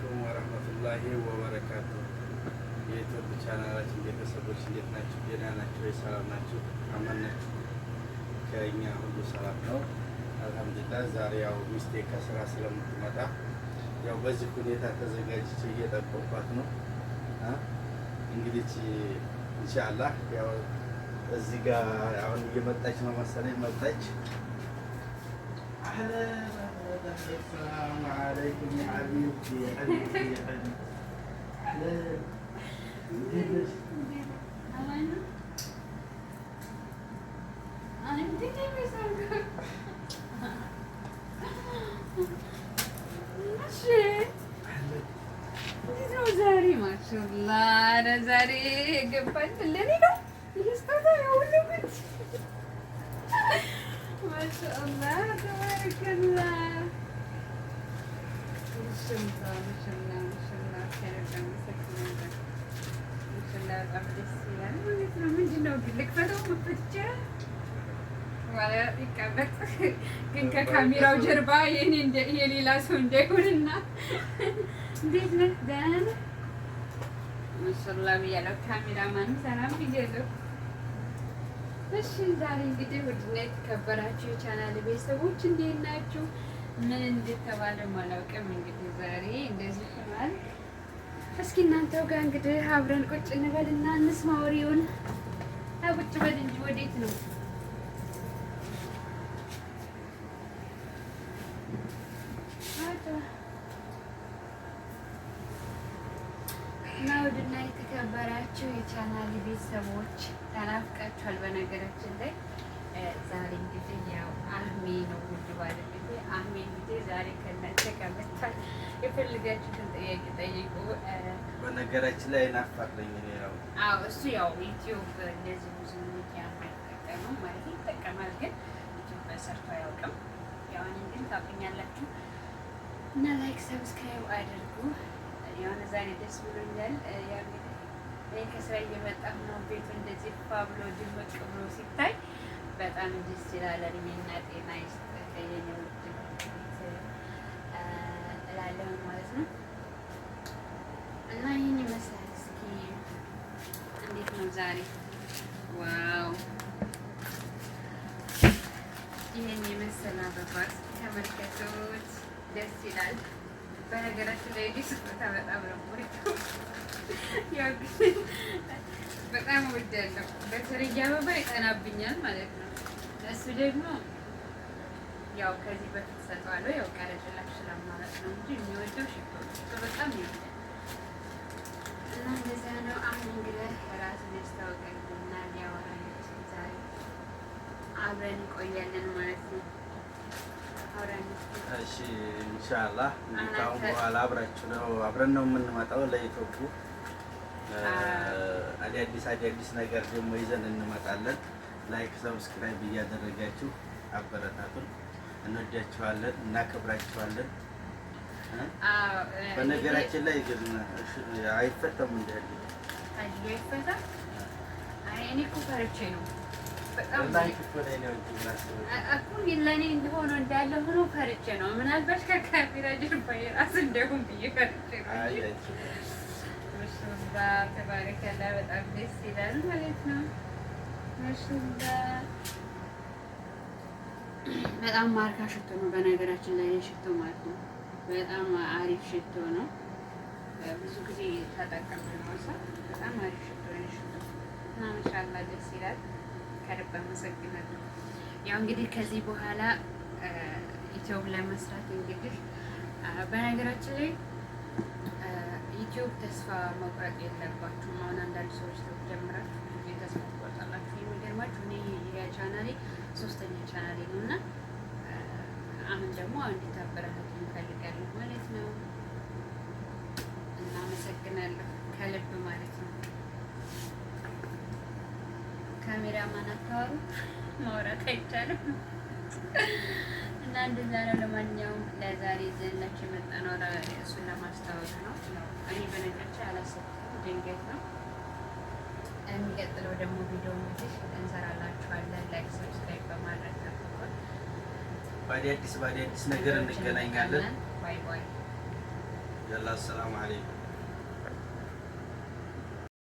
አለይኩም ወረህመቱላሂ ወበረካቱ። የኢትዮጵ ቻናላችን ቤተሰቦች እንዴት ናቸው? ጤና ናቸው? የሰላም ናቸው? አማን ናቸው? ከእኛ ሁሉ ሰላም ነው አልሐምዱሊላህ። ዛሬ ያው ሚስቴ ከስራ ስለምትመጣ ያው በዚህ ሁኔታ ተዘጋጅቼ እየጠበኳት ነው። እንግዲህ ኢንሻአላህ ያው እዚህ ጋር አሁን እየመጣች ነው መሰለኝ መጣች። السلام عليكم يا حبيبتي يا حبيبتي يا حبيبتي أنا متأكد بيسمعك ماشي زاري ما شاء الله أنا زاري قبلت اللي نو يستطيع ولا بنت ما شاء الله تبارك الله ግን ከካሜራው ጀርባ የሌላ ሰው እንዳይሆንና እንዴት ነህ? ደህና ነህ? ማሻላ ብያለሁ። ካሜራማን ሰላም ብያለሁ። እሺ ዛሬ እንግዲህ ውድና የተከበራችሁ የቻናል ቤተሰቦች እንዴት ናችሁ? ምን እንደተባለ አላውቅም። እንግዲህ ዛሬ እንደዚህ ሆኗል። እስኪ እናንተው ጋር እንግዲህ አብረን ቁጭ እንበልና እንስማ ወሬውን። ቁጭ በል እንጂ ወዴት ነው? ናውድና የተከበራችሁ የቻናል ቤተሰቦች ተናፍቃችኋል። በነገራችን ላይ ዛሬ እንግዲህ ያው አህሜ ነው ውድ ባለቤት አህሜድ ዛሬ ከእናንተ ጋር መጥቷል። የፈለጋችሁትን ጥያቄ ጠይቁ። በነገራችን ላይ ናፋለኝ ነው። አዎ እሱ ያው ዩቲዩብ እንደዚህ ብዙ ሚዲያ አይጠቀምም ማለት ይጠቀማል፣ ግን ዩቲዩብ ሰርቶ አያውቅም። ያው እኔን ግን ታውቁኛላችሁ እና ላይክ ሰብስክራይብ አድርጉ። የሆነ ዛሬ ደስ ብሎኛል። እኔ ከስራ እየመጣሁ ነው። ቤቱ እንደዚህ ፓብሎ ድምቅ ብሎ ሲታይ በጣም ደስ ይላል። እድሜና ጤና ይስጥ። እላለሁ ማለት ነው። እና ይህን ይመስላል። እስኪ እንዴት ነው ዛሬ? ዋው ይህን የመሰለ አበባ ተመልከቱት። ደስ ይላል። በነገራችን ላይ ዲ ስጦታ በጣም ነው በጣም ወዳለሁ። በተለይ አበባ ይጠናብኛል ማለት ነው። እሱ ደግሞ ያው ከዚህ በፊት ሰጠዋለሁ። ያው ስለማለት ነው እንጂ የሚወደው ሽቶ ሽቶ በጣም እና እንደዚያ ነው። አሁን እንግዲህ ራሱን ዛሬ አብረን እንቆያለን ማለት ነው። እሺ ኢንሻአላህ እንግዲህ ከአሁን በኋላ አብራችሁ ነው አብረን ነው የምንመጣው ለኢትዮጵ አዳዲስ አዳዲስ ነገር ደግሞ ይዘን እንመጣለን። ላይክ ሰብስክራይብ እያደረጋችሁ አበረታቱን። እንወዳቸዋለን፣ እናከብራቸዋለን። በነገራችን ላይ ግን አይፈታም እንዳለ ፈርቼ ነው በጣም እንደሆነ እንዳለ ሆኖ ነው። ምናልባት ከካሜራ ተባረከላ በጣም ደስ ይላል ማለት ነው በጣም ማርካ ሽቶ ነው። በነገራችን ላይ ሽቶ ማለት ነው። በጣም አሪፍ ሽቶ ነው። ብዙ ጊዜ ተጠቀምነው። ነው። በጣም አሪፍ ሽቶ ሽቶ እና ማሻላ ደስ ይላል። ከልብ አመሰግናለሁ። ያው እንግዲህ ከዚህ በኋላ ዩቲዩብ ለመስራት እንግዲህ በነገራችን ላይ ዩቲዩብ ተስፋ መቁረጥ የለባችሁም። አሁን አንዳንድ ሰዎች ተጀምራችሁ ተስፋ ገባችሁ? እኔ የቻናሌ ሶስተኛ ቻናሌ ነው እና አሁን ደግሞ እንድታበረታቱ እንፈልጋለሁ ማለት ነው። እናመሰግናለሁ ከልብ ማለት ነው። ካሜራማን አታወሩ ማውራት አይቻልም እና እንደዛ ነው። ለማንኛውም ለዛሬ ዘናችሁ የመጣ እሱን ለማስታወቅ ነው። እኔ በነገራችን አላሰብኩም፣ ድንገት ነው። የሚቀጥለው ደግሞ ቪዲዮ መልሽ እንሰራላችኋለን። ላይክ ሰብስክራይብ በማድረግ ጠብቁን። ባዲ አዲስ ባዲ አዲስ ነገር እንገናኛለን። ባይ ባይ። ያላ አሰላሙ አለይኩም።